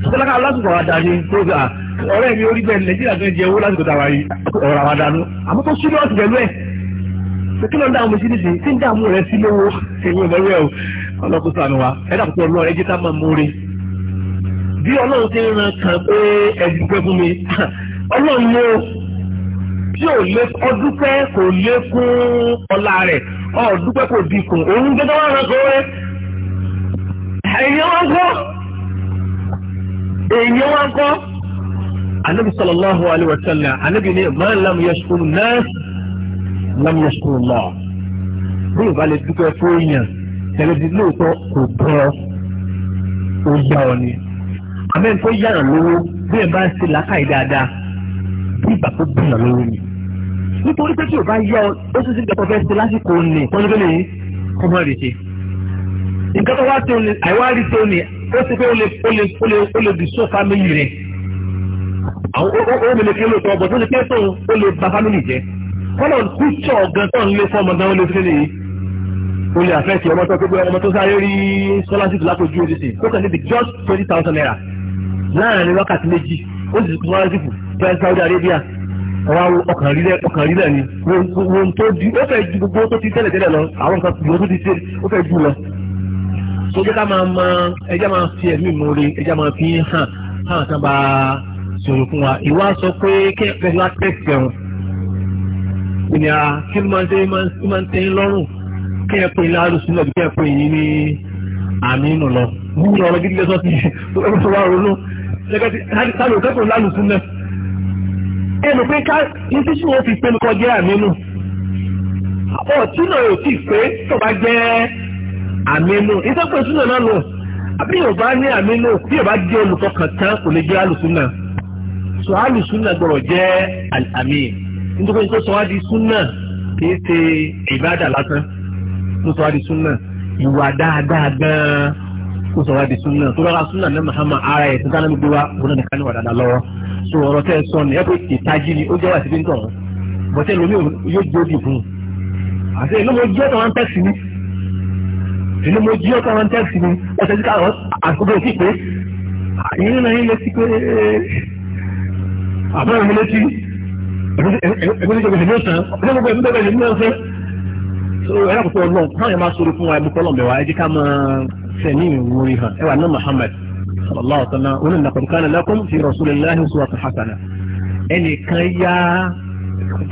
sọ́kọ́láka lásìkò àwàdà ni tó gbà ọ̀rẹ́ mi orí bẹ́ẹ̀ nàìjíríà fẹ́ jẹ owó lásìkò tàwa yìí ọ̀rọ̀ àwàdà nu àmọ́ tó súnà ọ̀sìn pẹ̀lú ẹ̀ kí ló ń dààmú sí nísìnyí tí ń dààmú rẹ sí lówó èyí ò lọ́wọ́ ẹ̀ o ọlọ́kùn sànù wa ẹ̀dá púpọ̀ ọlọ́run ẹ̀jẹ̀ ká máa múre bí ọlọ́run ti ń ran kàn pé ẹ̀dùn pẹ́ fún mi ọlọ́run yóò tí ò lé ọdúpẹ́ kò lékún ọlá rẹ̀ ọdúpẹ́ kò dínkù òun gẹ́gẹ́ wọn rẹ̀ kọ́ rẹ̀ èèyàn wọn kọ́ èèyàn wọn kọ́ anabi sallallahu alayhi wa sallam anabi ni máa ń lamu yasukuru náà lamu yasukuru lọ bí o bá lè dúpẹ́ fún èèyàn tẹ̀lẹ́dì lóòótọ́ kò bọ́ ó yá ọ ni àmì yára lówó bí ẹ bá ń ṣe làákàyè dáadáa bí ìgbà tó bí ìyàn ni nítorí pé tí o bá yọ ó sì sí ìjọba fẹ́ ṣe lásìkò ní pọ́nlẹ́gbẹ́ lè kọ́mọ́ rè ṣe. nǹkan tó wá tó ní àìwá rí tó ní ó ti pé ó lè ó lè ó lè ó lè dùn só fámìlì rẹ̀ àwọn ó lè kí ló tọ́ ọ̀bọ̀ tó ti pé tó ó lè ba fámìlì jẹ́ kọ́lọ̀ kútsọ̀ gan tó ń lé fọ́ ọmọ náà ó lè fi lè ó lè àfẹ́tì ọmọ tó gbogbo ọmọ tó sáré rí scholarship lápòjú òdìsí tó kàn níbi just twenty thousand naira láàrin wákàtí méjì ó sì scholarship fẹ́ Saudi Arabia ọ̀rọ̀ àwọn ọkàn rí náà ni wọ́n tó di ó fẹ́ ju gbogbo tó ti tẹ́lẹ̀ tẹ́lẹ̀ lọ àwọn nǹkan tìgbò tó ti ṣe ó fẹ́ ju lọ. tó jẹ́ ká máa ma ẹja máa fi ẹ̀mí ìmoore ẹja máa fi hàn hàn kan bá sọ̀rọ̀ fún wa ìwà sọ pé kẹ́kẹ́ wá tẹ̀sí ẹ̀hún. ìnira kí ló máa ń tẹ́ máa ń tẹ́ yín lọ́rùn kí ẹ pè é láàrú sílẹ̀ bí kí ẹ pè é yín ní àmì ìnù lọ. bí ìrọ̀lọ́ gidi lẹ́sọ̀ sí i ó fẹ́ ẹnu pé ká iṣẹ́ tí wọ́n fi pé ní kọjá àmínú ọtí náà ò tí ì pé tó bá jẹ́ àmínú iṣẹ́ pé sínú náà nù àbí yóò bá ní àmínú bí yóò bá jẹ́ olùkọ́ kan tán kò lè jẹ́ alùsùnà sọ alùsùnà gbọ́dọ̀ jẹ́ àmì nítorí pé sọ wá di súnà kìí ṣe ìbádà lásán ló sọ wá di súnà ìwà dáadáa gan-an kó sọ wá di súnà tó bá ra súnà náà Muhammad ara ẹ̀ tó dáná gbogbo wa gbọ́dọ̀ nìkan ní wà dáadáa lọ́wọ́ so ọ̀rọ̀ tẹ́ ẹ sọ ni ẹ pé ìtají ni ó jẹ́ wà síbi ń tọ̀hún bọ́tẹ́ lómi yóò jó di fún un àti inú mo jí ọ̀tọ̀ wọn tẹ́sí ni inú mo jí ọ̀tọ̀ wọn tẹ́sí ni ọ̀sẹ̀ tí káwọn àkókò sí pé ìyẹn náà yín létí pé àbúrò mi létí ẹgbẹ́ níjọba ìṣèlú ọ̀sán ọ̀sẹ̀ gbogbo ẹ̀mí bẹ́ẹ̀ ìṣèlú ọ̀sẹ̀ so ẹ̀rọ àkókò ọlọ́run táwọn yẹn máa sọ̀rọ̀ fún wa ẹ̀mí kọ́lọ̀ mẹ́wàá ẹ jẹ́ ká máa sẹ̀ ní ìwúrí hàn ẹ̀wà náà Muhammad sallallahu alaihi wa sallam oní nàkọ̀dùkánà lakum fi rasulillahi uswatun hasana ẹnìkan yá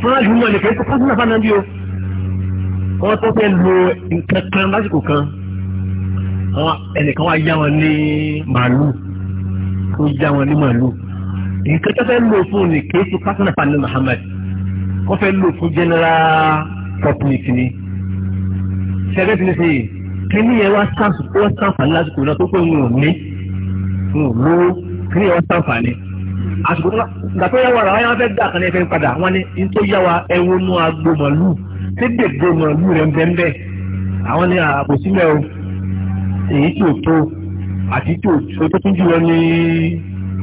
fúnra jù mọ́ nìkan kókó fún àfáàná bí o wọ́n tó fẹ́ lo nǹkan kan lásìkò kan ẹnìkan wá yá wọn ní màálù tó yá wọn ní màálù nǹkan tó fẹ́ lò fún ni kì í ṣe pásánà fani Muhammad wọ́n fẹ́ lò fún general public ni ṣẹ́gẹ́tì ní sèyí kí ni ẹ wá sáǹfà lásìkò náà tó pé òun ní wọn ò lówó kí ni wọ́n sàǹfààní. àsìkò tó gbà tó yá wa làwọn yàrá fẹ́ dà kan ní ẹ̀fẹ́ padà wọ́n ní n tó yá wa ẹwo nú agbo màlúù tí dègbò màlúù rẹ̀ ń bẹ́ ń bẹ́ àwọn ní àbòsílẹ̀ o èyí tí ò tó àti tí ò tó tún jù lọ ní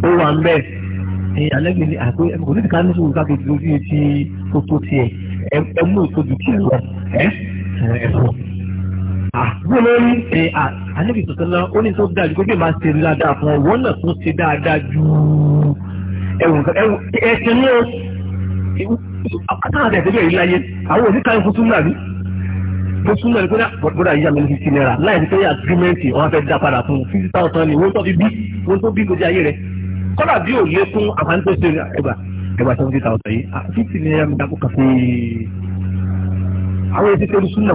ó wà ń bẹ́ẹ̀ ẹ̀yìn alẹ́gbẹ̀ẹ́ ni àgbẹ̀ kò nídìí ká ní sùúrù káàkiri lójú etí tó tó tiẹ̀ ẹ mú ìtòjú tiẹ̀ lọ ẹ ẹ̀fọ́. àbúrò lórí ẹ anabi sọsọlá ó ní tó dáa ju pé bí màá ṣe dáadáa fún ọ wọn náà tún ṣe dáadáa ju ẹwùn ẹwùn ẹsìn náà akátàrà tẹ̀sẹ̀ bẹ́ẹ̀ rí láyé àwọn òní kan fún súnmọ́ àbí fún súnmọ́ àbí kódà bọ́dà yíyá mi ní fifty naira láì ní sẹ́yìn agirimẹ́ǹtì wọn fẹ́ dá padà fún fifty thousand ni wọ́n tó fi bí wọ́n tó bí gbèjà ayé rẹ̀ kọ́dà bí ò lékún àǹfààní tó ṣe ẹgbà ẹgbà seventy thousand yìí ah, fifty naira mi dákú kàfé àwọn ètò ìṣúná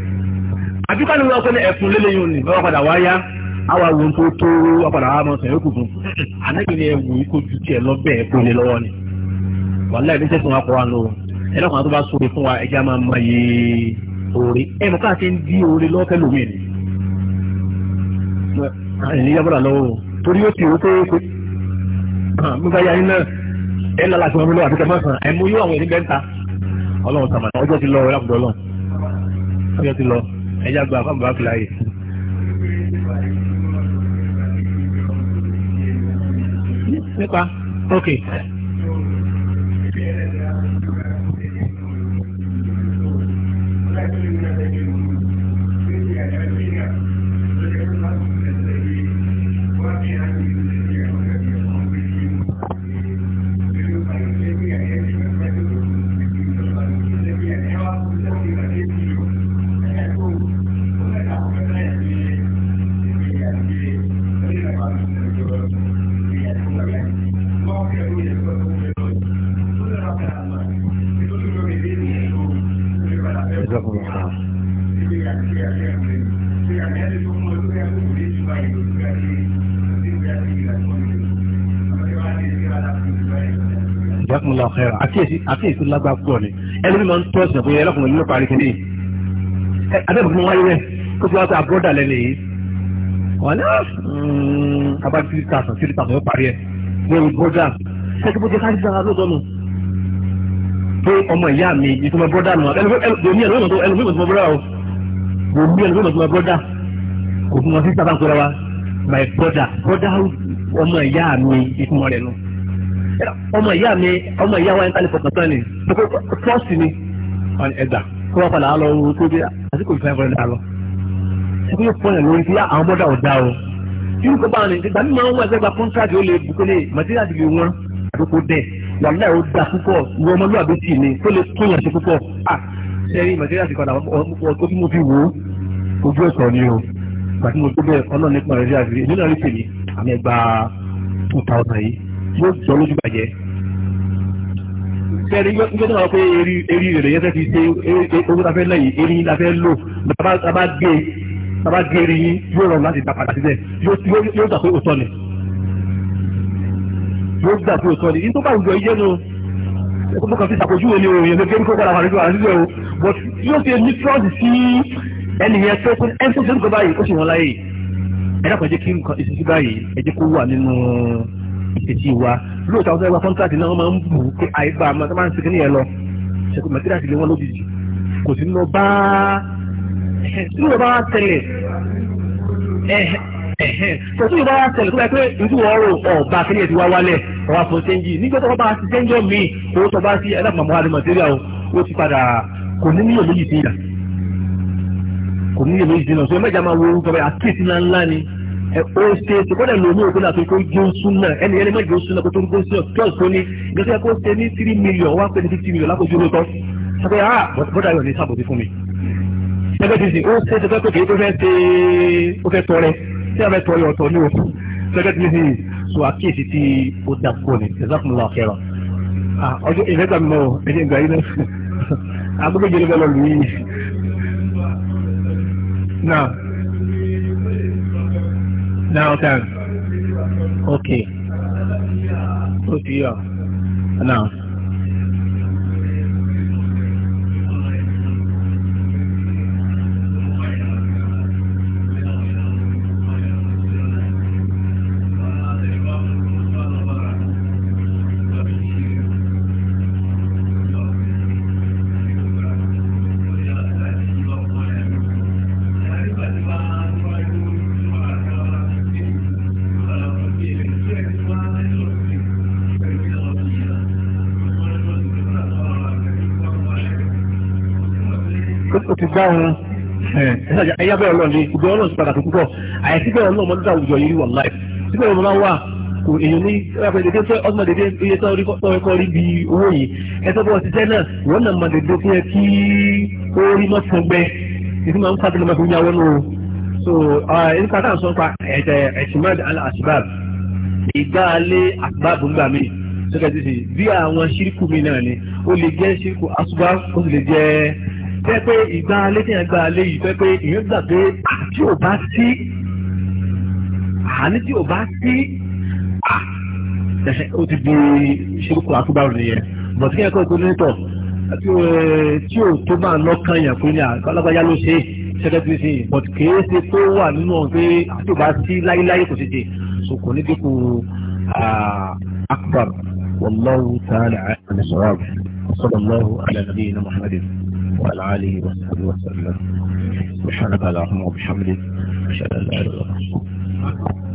àbíkọ́ ni wọ́n pẹ́ ní ẹ̀fún lélẹ́yìn òní bá wọ́n padà wáyá àwọn àwọn tó tó apàdà àmọ́ sẹ̀yìn kù fún ànágbé ni ẹ̀wù ikú ju tiẹ̀ lọ bẹ́ẹ̀ kó lé lọ́wọ́ ni wàhálà ìdí sẹ́sìn wa kọ́ wa lọ ẹlẹ́kùn àti bá sóore fún wa ẹja máa ma yé oore ẹ̀ mọ̀ káà ti ń di oore lọ́fẹ́ lómi ni ẹ̀yìn yá bọ́dà lọ́wọ́ torí ó ti wọ́n pé ah, mi bá yá yín náà ẹ̀ lọ́la tí wọ́n mi lọ́wọ́ àti kẹfẹ́ sàn ẹ̀ mú yóò àwọn ènìyàn bẹ́ẹ̀ ta ọlọ́run sàmàlà ọjọ́ ti lọ ọ̀rẹ́ ọjọ́ ti lọ ẹjá gba fún àbúrò fúláyé. nípa ok. ìjọkùn lọ́wọ́. ìjọkùn lọ́wọ́ ẹ̀rọ àkíyèsí lágbá púpọ̀ ni ẹni bí máa ń tọ́ ẹ̀sìn àbúyẹ ẹlọ́kùnrin nínú parí kìíní adébùkún ni wọ́n wáyé rẹ̀ kó tí wọ́n sọ àbúrọ́dà lẹ́nu yìí wọ́n ní hmm, abá tírí tàṣán tírí tàṣán yóò parí ẹ̀ wọ́n ní bọ́dà ṣé kí bó jẹ́ ká pé ọmọ ìyá mi ìtumọ̀ bọ́dà nù ẹlòmíì ẹlòmíì tó ẹlòmíì tó bọ́dà o òmíì ẹlòmíì tó bọ́dà kò fún wọn sí sábà ń pẹ́ra wa my brother brother ọmọ ìyá mi ìtumọ̀ rẹ̀ nù ọmọ ìyá mi ọmọ ìyá wa ń tálẹ̀ fọkàntán ni fọ́ọ̀sì ni ẹgbà kó wá padà lọ wo tó bí àsìkò ìfẹ́ fẹ́ dà lọ ṣé kó fọ́ọ̀nù lórí ti ah, àwọn bọ́dà ò dá o irú kó bá wọn ní ìgbà mímọ́ wọn ẹgbẹ́ gba kọ́ńtráàtì ó lè bukúlé màtíríà ti lè wọ́n àdókò dẹ́ẹ̀ wàlẹ́ ò da púpọ̀ wọ ọmọlúwàbí tì ní tó lè tó yàn sí púpọ̀ à ṣẹ́rí màtíríà ti padà ọkọ tí mo fi wò ó ojú ẹ̀sọ́ ni o gbàtí mo tó bẹ́ẹ̀ ọlọ́run nípa rẹ̀ rí àgbèrè èmi náà rí tèmi àmì ẹgbà two thousand yìí yóò jọ lójú bàjẹ́. ṣẹ́rí yóò tó máa pé eri eri rẹ̀ yẹn fẹ́ fi ṣe owó ta fẹ́ lẹ́yìn eri yín la fẹ́ lò bàbá gbé bàbá gbé eri yín yóò rọrùn láti dá padà síbẹ̀ yóò gbà pé òótọ́ ni yóò gbà tí o sọ ni ní tó bá ìjọ yé nu mo kàn fi ṣàpèjúwe ni òòyìn gẹ́gẹ́ bí kókó ara wà nínú o but yóò fi ní trọ́ọ̀sì sí ẹnìyẹn tó kún ẹni tó ṣe ń gbọ́ báyìí ó sì wọ́n láyè ẹ dákun jẹ́ kí nǹkan ìṣesí báyìí ẹ jẹ́ kó wà nínú ìṣesí wa lóòótọ́ àwọn ẹgbẹ́ kọ́ńtàkì náà máa ń bù pé àìbá àmọ́ tó máa ń segin yẹn lọ ṣèkú mẹ́tíríàsì lé wọn lójijì kò sí lọ bá tí lọ tòtí ìbá wa tẹ̀lé kúrẹ́ pé ìlú ọ̀rọ̀ ọ̀ba akẹ́lẹ́ ti wá wálẹ̀ ọ̀wá fún sẹ́ńjì nígbà tó bá ti sẹ́ńjọ́ mi owó tó bá sí ẹlẹ́pàmọ́ àdé mọ̀tẹ́ríà o ó ti padà kò ní níyàn méjì sí ìyà kò ní níyàn méjì sí ìyà sọ mẹ́jà máa wo orúkọ bẹ́ẹ̀ àkéèsí ńlá ńlá ni ó ṣe é ṣe kọ́dà lómi òkú náà tó kó jó súnà ẹni ẹni mẹ́jọ súnà kó tó kó súnà twelve tó ní gbèsè kó ṣe ní three million wá pé ní fifty million lápò dúró tán sábẹ́ ah bọ́dà yọ̀ ní sábòtí fún mi. ẹgbẹ́ ti sìn ó ṣe é ṣe kọ́dà pé kì í tó fẹ́ ṣe ó fẹ́ tọrẹ tí a bẹ tọ́ ọ̀tọ̀ ní òkú gẹ́gẹ́ bí hìn so àkíyèsí tí ó dà pọ̀ ní ìzákùnlá ọ̀kẹ́rọ̀ ọjọ́ ìrẹ́gbà mi náà ẹ̀jẹ̀ ìgbà yìí náà agbógbó jẹ́ lọ́wọ́ lù yìí náà náà ọ̀tàn ok ó ti yà náà. báwọn ẹ̀yà bẹ́ẹ̀ ọlọ́run ní ìgbẹ́ ọlọ́run ti pàtàkì púpọ̀ àyẹ̀sí bẹ́ẹ̀ ọlọ́run mọ́ nígbà àwùjọ yìí wà láì síbẹ̀ ọmọ máa wà kò èèyàn ní ọmọdédé ọmọdédé iye tó rí kọ́ rí bí owó yìí ẹ̀tọ́ bọ́ ṣiṣẹ́ náà wọ́n náà mọ̀dédé fún ẹ kí ó rí mọ́ fún gbẹ ìdí máa ń fà tẹ́lẹ̀ máa fi ń yàwọ́ nù so ẹni ká táà ń sọ pa ẹ̀jẹ̀ ẹ̀sìmáàd àṣìbáàb ìgbàlé àṣìbáàb ńgbà mí sọ́kẹ́ ti sè bí àwọn ṣírkù mi náà ni ó lè jẹ́ ṣírkù àṣìbáàb ó sì lè jẹ́ tẹ́ pé ìgbà alẹ́ tí yẹn gba alẹ́ yìí tẹ́ pé ìyẹn gbà pé ah, tí ò bá sí àní tí ò bá sí ah. ó ti di ṣerúkọ akúbárò nìyẹn bọ̀tí kí ẹ̀kọ́ ìpínlẹ̀ tọ̀ tí ò tó bá lọ́kàn yàn pé ní àgbàlagbàyà ló ṣe ṣẹ́gẹ́tì sí bọ̀tí kìí ṣe tó wà nínú ọ̀hún pé tí ò bá sí láyéláyé kò ṣe ṣe so kò ní dínkù ah, akbar wallahu ta'ala ala sọ̀rọ̀ àbùsọ̀rọ̀ lọ́wọ́ ala nabiyina muhammadin. وعلى آله وصحبه وسلم سبحانك اللهم وبحمدك أشهد أن لا إله إلا أنت